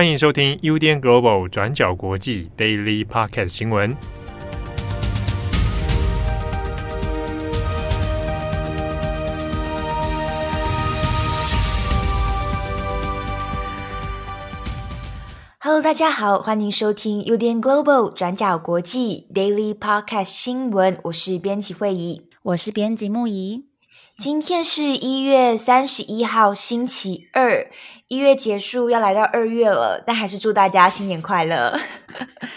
歡迎收聽 UDN Global 轉角國際 Daily Podcast 新聞。Hello，大家好，歡迎收聽 UDN Global 轉角國際 Daily Podcast 新聞。我是編輯慧儀，我是編輯牧宜。今天是一月三十一號，星期二。一月結束要來到二月了，但還是祝大家新年快樂。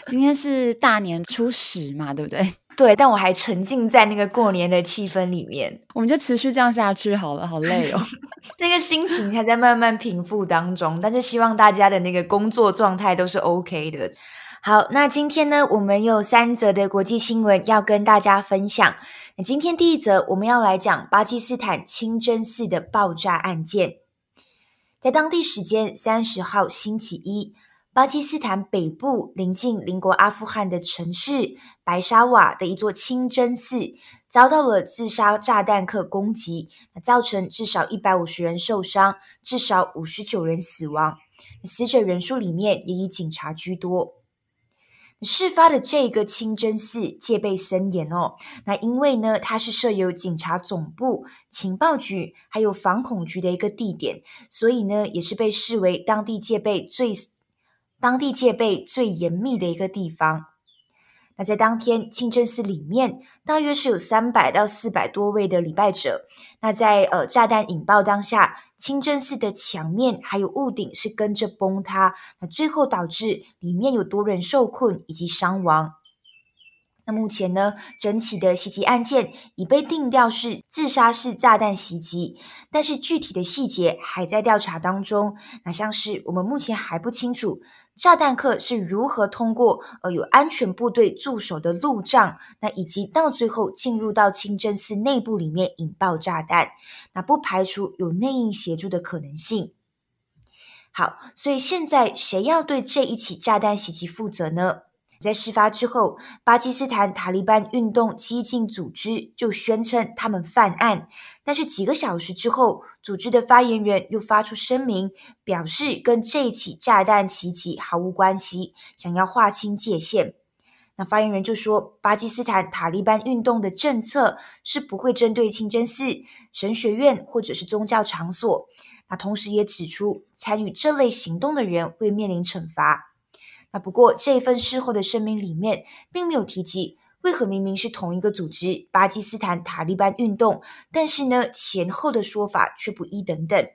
今天是大年初十嘛，對不對？對，但我還沉浸在那個過年的氣氛裡面。我們就持續這樣下去好了，好累哦。 那個心情還在慢慢平復當中，但是希望大家的那個工作狀態都是 OK 的。好，那今天呢，我們有三則的國際新聞要跟大家分享。那今天第一則，我們要來講巴基斯坦清真寺的爆炸案件。在當地時間三十號星期一，巴基斯坦北部臨近鄰國阿富汗的城市白沙瓦的一座清真寺遭到了自殺炸彈客攻擊，造成至少一百五十人受傷，至少五十九人死亡。死者人數裡面也以警察居多。事發的這個清真寺戒備森嚴哦，那因為呢，它是設有警察總部、情報局還有反恐局的一個地點，所以呢，也是被視為當地戒備最、當地戒備最嚴密的一個地方。那在當天清真寺裡面，大約是有三百到四百多位的禮拜者。那在呃炸彈引爆當下，清真寺的牆面還有屋頂是跟着崩塌，那最後導致裡面有多人受困以及傷亡。那目前呢，整起的襲擊案件已被定調是自殺式炸彈襲擊，但是具體的細節還在調查當中。那像是我們目前還不清楚，炸彈客是如何通過呃有安全部隊駐守的路障，那以及到最後進入到清真寺內部裡面引爆炸彈，那不排除有內應協助的可能性。好，所以現在誰要對這一起炸彈襲擊負責呢？在事發之後，巴基斯坦塔利班運動激進組織就宣稱他們犯案，但是幾個小時之後，組織的發言人又發出聲明，表示跟這一起炸彈襲擊毫無關係，想要劃清界限。那發言人就說，巴基斯坦塔利班運動的政策是不會針對清真寺、神學院或者是宗教場所。那同時也指出，參與這類行動的人會面臨懲罰。啊，不過，這份事後的聲明裡面並沒有提及為何明明是同一個組織——巴基斯坦塔利班運動，但是呢，前後的說法卻不一等等。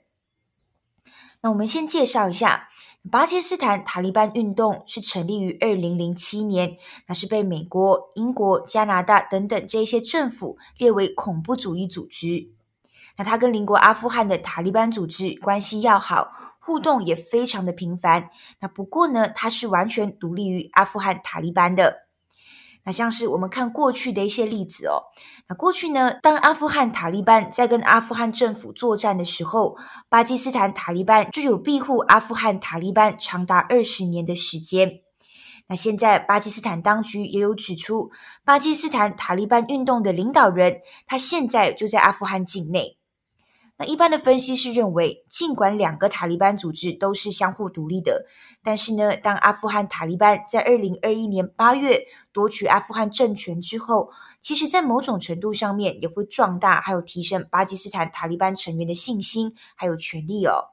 那我們先介紹一下，巴基斯坦塔利班運動是成立於二零零七年，那是被美國、英國、加拿大等等這些政府列為恐怖主義組織。那它跟鄰國阿富汗的塔利班組織關係要好。互動也非常的頻繁。那不過呢，它是完全獨立於阿富汗塔利班的。那像是我們看過去的一些例子哦。那過去呢，當阿富汗塔利班在跟阿富汗政府作戰的時候，巴基斯坦塔利班就有庇護阿富汗塔利班長達二十年的時間。那現在，巴基斯坦當局也有指出，巴基斯坦塔利班運動的領導人，他現在就在阿富汗境內。那一般的分析是認為，儘管兩個塔利班組織都是相互獨立的，但是呢，當阿富汗塔利班在二零二一年八月奪取阿富汗政權之後，其實在某種程度上面也會壯大，還有提升巴基斯坦塔利班成員的信心，還有權力哦。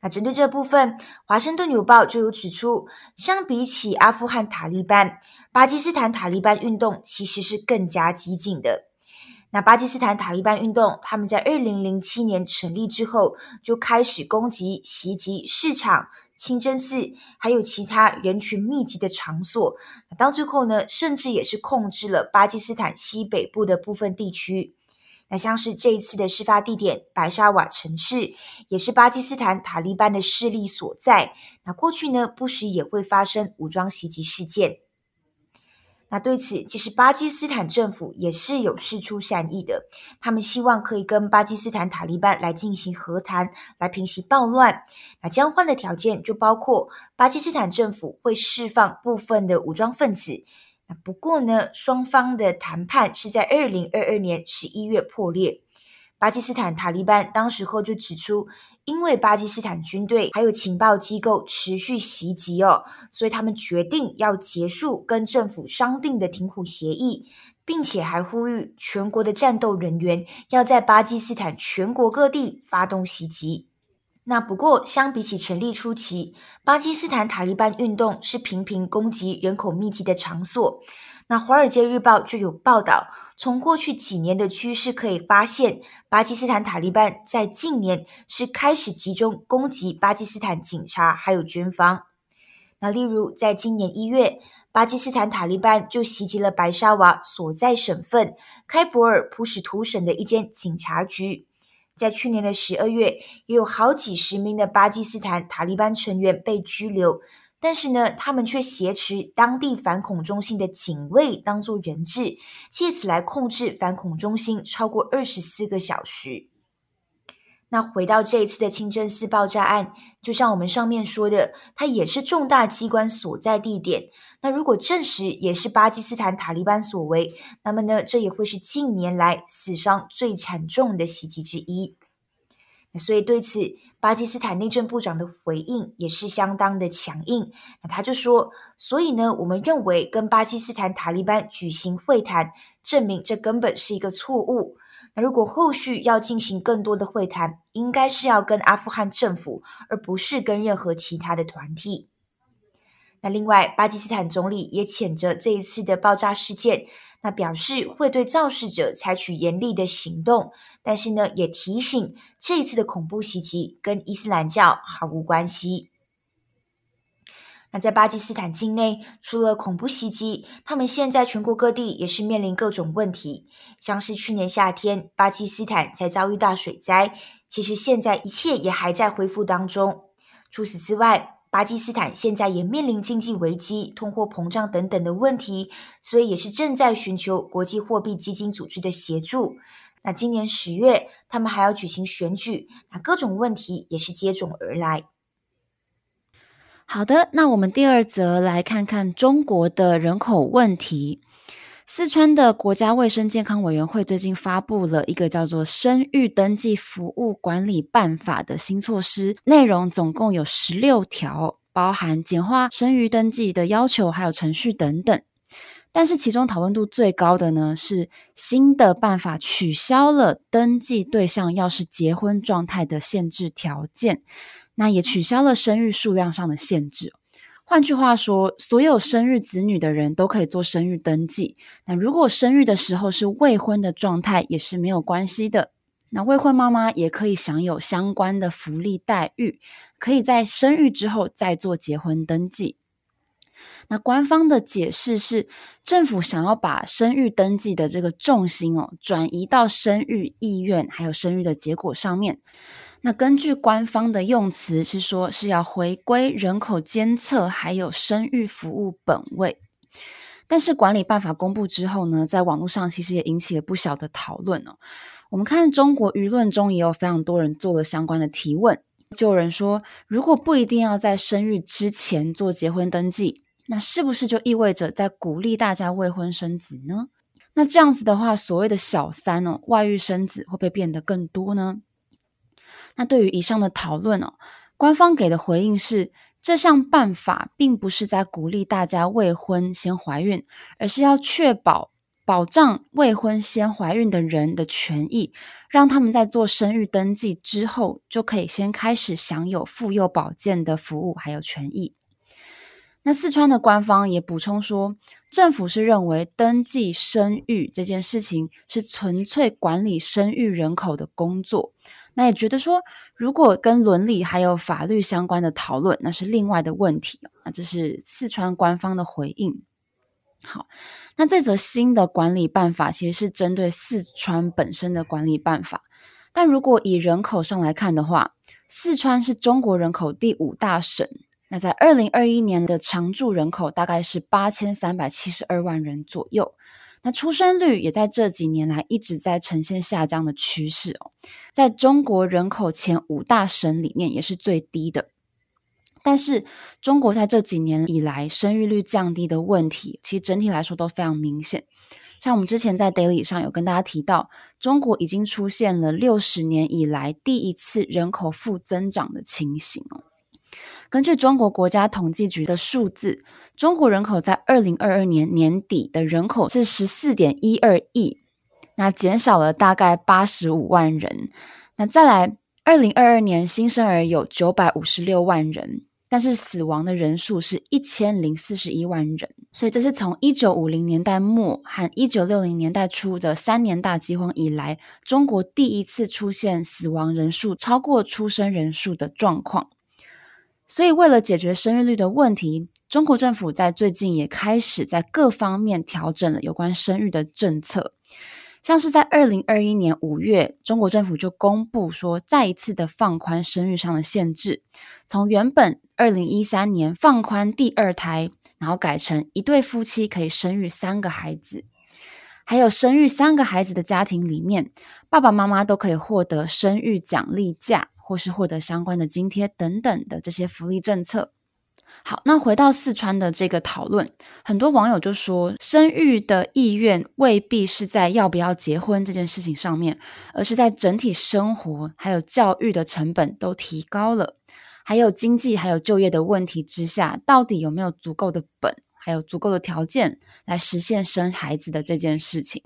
那針對這部分，華盛頓郵報就有指出，相比起阿富汗塔利班，巴基斯坦塔利班運動其實是更加激進的。那巴基斯坦塔利班運動，他們在二零零七年成立之後，就開始攻擊、襲擊市場、清真寺，還有其他人群密集的場所。那到最後呢，甚至也是控制了巴基斯坦西北部的部分地區。那像是這一次的事發地點白沙瓦城市，也是巴基斯坦塔利班的勢力所在。那過去呢，不時也會發生武裝襲擊事件。那對此，其實巴基斯坦政府也是有釋出善意的，他們希望可以跟巴基斯坦塔利班來進行和談，來平息暴亂。那交換的條件就包括巴基斯坦政府會釋放部分的武裝分子。不過呢，雙方的談判是在二零二二年十一月破裂。巴基斯坦塔利班當時候就指出，因為巴基斯坦軍隊還有情報機構持續襲擊哦，所以他們決定要結束跟政府商定的停火協議，並且還呼籲全國的戰鬥人員要在巴基斯坦全國各地發動襲擊。那不過，相比起成立初期，巴基斯坦塔利班運動是頻頻攻擊人口密集的場所。那《華爾街日報》就有報道，從過去幾年的趨勢可以發現，巴基斯坦塔利班在近年是開始集中攻擊巴基斯坦警察還有軍方。那例如，在今年一月，巴基斯坦塔利班就襲擊了白沙瓦所在省份開伯爾普什圖省的一間警察局。在去年的十二月，也有好幾十名的巴基斯坦塔利班成員被拘留。但是呢，他們卻挾持當地反恐中心的警衛當做人質，借此來控制反恐中心超過二十四個小時。那回到這一次的清真寺爆炸案，就像我們上面說的，它也是重大機關所在地點，那如果證實也是巴基斯坦塔利班所為，那麼呢，這也會是近年來死傷最慘重的襲擊之一。所以，對此巴基斯坦內政部長的回應也是相當的強硬。那他就說：“所以呢，我們認為跟巴基斯坦塔利班舉行會談，證明這根本是一個錯誤。那如果後續要進行更多的會談，應該是要跟阿富汗政府，而不是跟任何其他的團體。”那另外，巴基斯坦總理也譴責這一次的爆炸事件，那表示會對肇事者採取嚴厲的行動，但是呢，也提醒這一次的恐怖襲擊跟伊斯蘭教毫無關係。那在巴基斯坦境內，除了恐怖襲擊，他們現在全國各地也是面臨各種問題，像是去年夏天巴基斯坦才遭遇大水災，其實現在一切也還在恢復當中。除此之外，巴基斯坦現在也面臨經濟危機、通貨膨脹等等的問題，所以也是正在尋求國際貨幣基金組織的協助。那今年十月，他們還要舉行選舉，那各種問題也是接踵而來。好的，那我們第二則來看看中國的人口問題。四川的國家衛生健康委員會最近發布了一個叫做《生育登記服務管理辦法》的新措施，內容總共有十六條，包含簡化生育登記的要求還有程序等等。但是其中討論度最高的呢，是新的辦法取消了登記對象要是結婚狀態的限制條件，那也取消了生育數量上的限制。換句話說，所有生育子女的人都可以做生育登記。那如果生育的時候是未婚的狀態，也是沒有關係的。那未婚媽媽也可以享有相關的福利待遇，可以在生育之後再做結婚登記。那官方的解釋是，政府想要把生育登記的這個重心哦，轉移到生育意願還有生育的結果上面。那根據官方的用詞是說是要回歸人口監測，還有生育服務本位。但是管理辦法公布之後呢，在網絡上其實也引起了不小的討論哦。我們看中國輿論中也有非常多人做了相關的提問，就有人說，如果不一定要在生育之前做結婚登記，那是不是就意味着在鼓勵大家未婚生子呢？那這樣子的話，所謂的小三哦，外遇生子會不會變得更多呢？那對於以上的討論哦，官方給的回應是，這項辦法並不是在鼓勵大家未婚先懷孕，而是要確保保障未婚先懷孕的人的權益，讓他們在做生育登記之後，就可以先開始享有婦幼保健的服務還有權益。那四川的官方也補充說，政府是認為登記生育這件事情是純粹管理生育人口的工作，那也覺得說，如果跟倫理還有法律相關的討論，那是另外的問題。那這是四川官方的回應。好，那這則新的管理辦法其實是針對四川本身的管理辦法，但如果以人口上來看的話，四川是中國人口第五大省。那在二零二一年的常住人口大概是八千三百七十二萬人左右，那出生率也在這幾年來一直在呈現下降的趨勢哦，在中國人口前五大省裡面也是最低的。但是，中國在這幾年以來生育率降低的問題，其實整體來說都非常明顯。像我們之前在 Daily 上有跟大家提到，中國已經出現了六十年以來第一次人口負增長的情形哦。根據中國國家統計局的數字，中國人口在二零二二年年底的人口是十四點一二億，那減少了大概八十五萬人。那再來，二零二二年新生兒有九百五十六萬人，但是死亡的人數是一千零四十一萬人。所以這是從一九五零年代末和一九六零年代初的三年大饑荒以來，中國第一次出現死亡人數超過出生人數的狀況。所以，為了解決生育率的問題，中國政府在最近也開始在各方面調整了有關生育的政策。像是在二零二一年五月，中國政府就公布說，再一次的放寬生育上的限制，從原本二零一三年放寬第二胎，然後改成一對夫妻可以生育三個孩子，還有生育三個孩子的家庭裡面，爸爸媽媽都可以獲得生育獎勵假。或是獲得相關的津貼等等的這些福利政策。好，那回到四川的這個討論，很多網友就說，生育的意願未必是在要不要結婚這件事情上面，而是在整體生活還有教育的成本都提高了，還有經濟還有就業的問題之下，到底有沒有足夠的本，還有足夠的條件來實現生孩子的這件事情。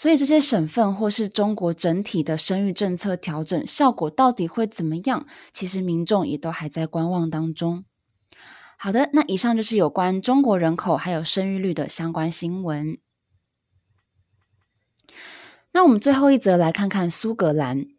所以這些省份或是中國整體的生育政策調整效果到底會怎麼樣，其實民眾也都還在觀望當中。好的，那以上就是有關中國人口還有生育率的相關新聞。那我們最後一則來看看蘇格蘭。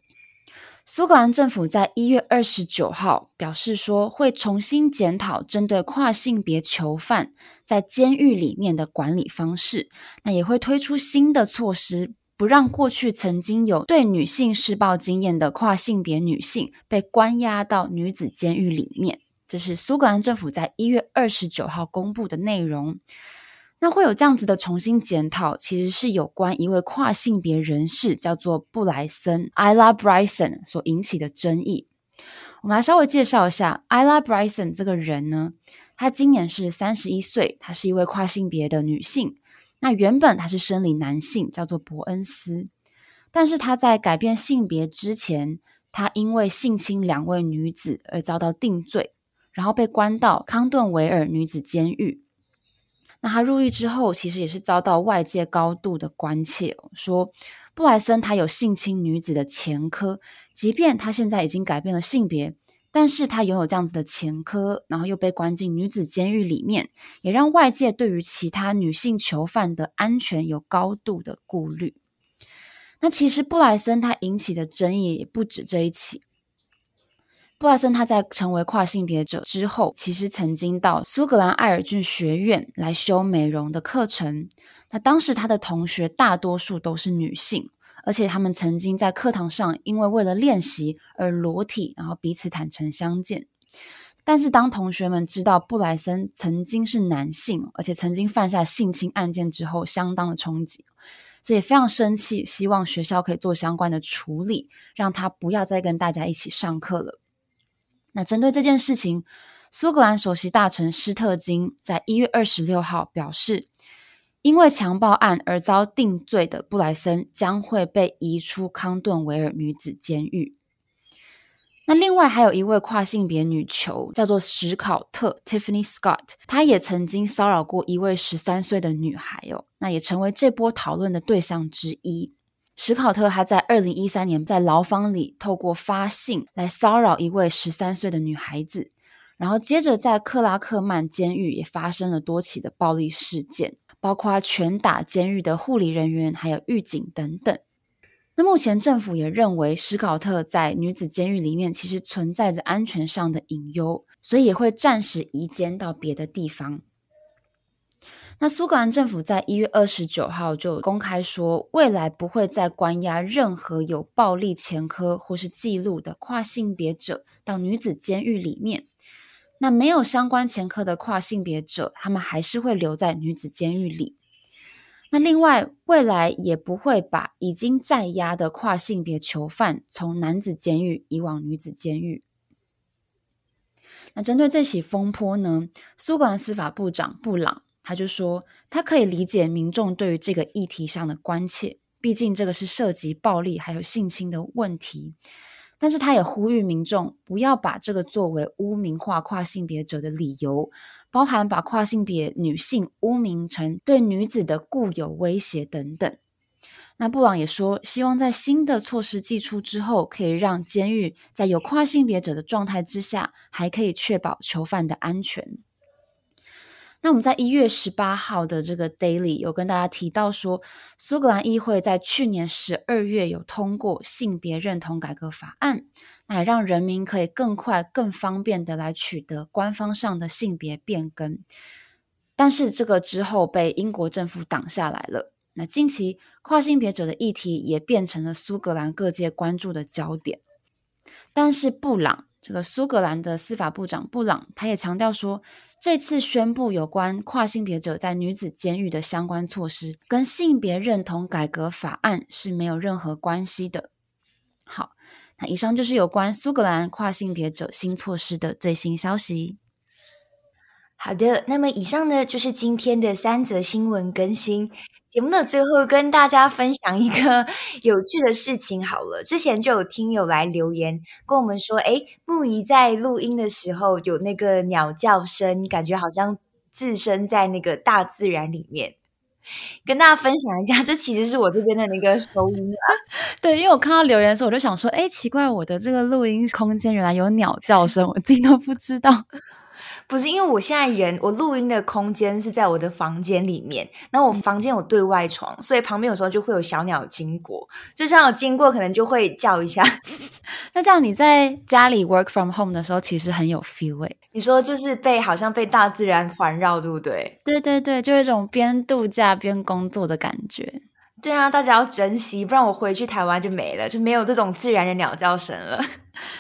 蘇格蘭政府在一月二十九號表示說，會重新檢討針對跨性別囚犯在監獄裡面的管理方式，那也會推出新的措施，不讓過去曾經有對女性施暴經驗的跨性別女性被關押到女子監獄裡面。這是蘇格蘭政府在一月二十九號公布的內容。那會有這樣子的重新檢討，其實是有關一位跨性別人士，叫做布萊森 （Ila Bryson） 所引起的爭議。我們來稍微介紹一下 Ila Bryson 這個人呢，他今年是三十一歲，他是一位跨性別的女性。那原本他是生理男性，叫做伯恩斯，但是他在改變性別之前，他因為性侵兩位女子而遭到定罪，然後被關到康頓維爾女子監獄。那他入獄之後，其實也是遭到外界高度的關切，說布萊森他有性侵女子的前科，即便他現在已經改變了性別，但是他擁有這樣子的前科，然後又被關進女子監獄裡面，也讓外界對於其他女性囚犯的安全有高度的顧慮。那其實布萊森他引起的爭議也不止這一起。布萊森他在成為跨性別者之後，其實曾經到蘇格蘭愛爾郡學院來修美容的課程。那當時他的同學大多數都是女性，而且他們曾經在課堂上因為為了練習而裸體，然後彼此坦誠相見。但是當同學們知道布萊森曾經是男性，而且曾經犯下性侵案件之後，相當的衝擊，所以非常生氣，希望學校可以做相關的處理，讓他不要再跟大家一起上課了。那針對這件事情，蘇格蘭首席大臣施特金在一月二十六號表示，因為強暴案而遭定罪的布萊森將會被移出康頓維爾女子監獄。那另外還有一位跨性別女囚叫做史考特 （Tiffany Scott），她也曾經騷擾過一位十三歲的女孩哦，那也成為這波討論的對象之一。史考特還在二零一三年在牢房裡透過發信來騷擾一位十三歲的女孩子，然後接着在克拉克曼監獄也發生了多起的暴力事件，包括拳打監獄的護理人員、還有獄警等等。那目前政府也認為史考特在女子監獄裡面其實存在着安全上的隱憂，所以也會暫時移監到別的地方。那蘇格蘭政府在一月二十九號就公開說，未來不會再關押任何有暴力前科或是記錄的跨性別者到女子監獄裡面。那沒有相關前科的跨性別者，他們還是會留在女子監獄裡。那另外，未來也不會把已經在押的跨性別囚犯從男子監獄移往女子監獄。那針對這起風波呢，蘇格蘭司法部長布朗。他就說，他可以理解民眾對於這個議題上的關切，畢竟這個是涉及暴力還有性侵的問題。但是他也呼籲民眾不要把這個作為污名化跨性別者的理由，包含把跨性別女性污名成對女子的固有威脅等等。那布朗也說，希望在新的措施祭出之後，可以讓監獄在有跨性別者的狀態之下，還可以確保囚犯的安全。那我們在一月十八號的這個 daily 有跟大家提到說，蘇格蘭議會，在去年十二月有通過性別認同改革法案，來讓人民可以更快、更方便的來取得官方上的性別變更。但是這個之後被英國政府擋下來了。那近期跨性別者的議題也變成了蘇格蘭各界關注的焦點。但是布朗。這個蘇格蘭的司法部長布朗，他也強調說，這次宣布，有關跨性別者在女子監獄的相關措施，跟性別認同改革法案是沒有任何關係的。好，那以上就是有關蘇格蘭跨性別者新措施的最新消息。好的，那麼以上呢，就是今天的三則新聞更新。節目的最後，跟大家分享一個有趣的事情好了。之前就有聽友來留言跟我們說，誒，牧宜在錄音的時候有那個鳥叫聲，感覺好像置身在那個大自然裡面。跟大家分享一下，這其實是我這邊的那個收音。對，因為我看到留言的時候，我就想說，誒，奇怪，我的這個錄音空間原來有鳥叫聲，我自己都不知道。不是因為我現在人，我錄音的空間是在我的房間裡面，然後我房間有對外窗，所以旁邊有時候就會有小鳥經過，就像有經過可能就會叫一下。 那這樣你在家裡 work from home 的時候，其實很有 feel。你說就是被好像被大自然環繞，對不對？對對對，就一種邊度假邊工作的感覺。對啊，大家要珍惜，不然我回去台灣就沒了，就沒有這種自然的鳥叫聲了。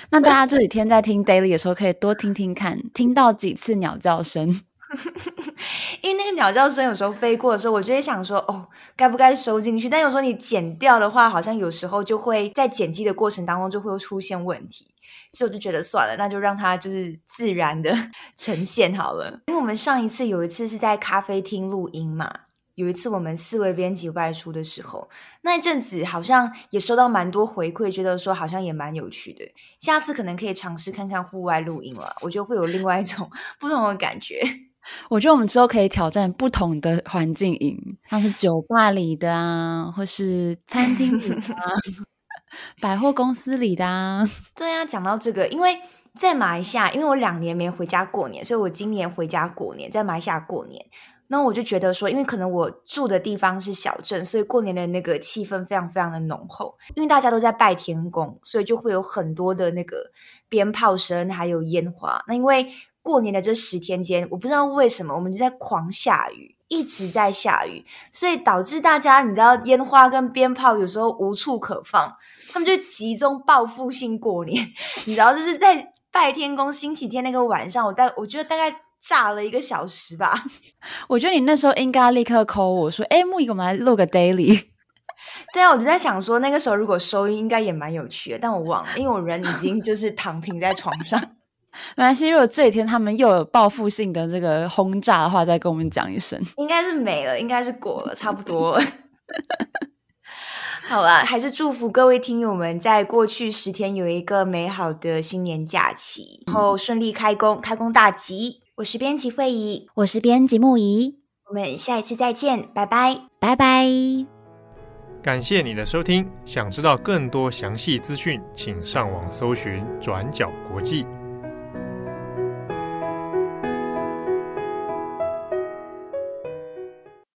那大家這幾天在聽 Daily 的時候，可以多聽聽看，聽到幾次鳥叫聲。 因為那個鳥叫聲有時候飛過的時候，我就會想說，哦，該不該收進去？但有時候你剪掉的話，好像有時候就會在剪輯的過程當中就會出現問題，所以我就覺得算了，那就讓它就是自然的呈現好了。因為我們上一次有一次是在咖啡廳錄音嘛。有一次，我們四位編輯外出的時候，那一陣子好像也收到蠻多回饋，覺得說好像也蠻有趣的。下次可能可以嘗試看看戶外錄音了，我覺得會有另外一種不同的感覺。我覺得我們之後可以挑戰不同的環境，營，像是酒吧裡的啊，或是餐廳裡的啊， 百貨公司裡的啊。對啊，講到這個，因為在馬來西亞，因為我兩年沒回家過年，所以我今年回家過年，在馬來西亞過年。那我就覺得說，因為可能我住的地方是小鎮，所以過年的那個氣氛非常非常的濃厚。因為大家都在拜天公，所以就會有很多的那個鞭炮聲，還有煙花。那因為過年的這十天間，我不知道為什麼我們就在狂下雨，一直在下雨，所以導致大家你知道煙花跟鞭炮有時候無處可放，他們就集中報復性過年。你知道，就是在拜天公星期天那個晚上，我大我覺得大概炸了一個小時吧，我覺得你那時候應該立刻 call 我說：“哎，牧宜，我們來錄個 daily。”對啊，我就在想說，那個時候如果收音應該也蠻有趣的，但我忘了，因為我人已經就是躺平在床上。 沒關係，如果這一天他們又有報復性的這個轟炸的話，再跟我們講一聲。應該是沒了，應該是過了，差不多了。 好吧，還是祝福各位聽友們在過去十天有一個美好的新年假期，嗯、然後順利開工，開工大吉。我是編輯慧儀，我是編輯牧宜。我們下一次再見，拜拜，拜拜 bye。感謝你的收聽，想知道更多詳細資訊，請上網搜尋轉角國際。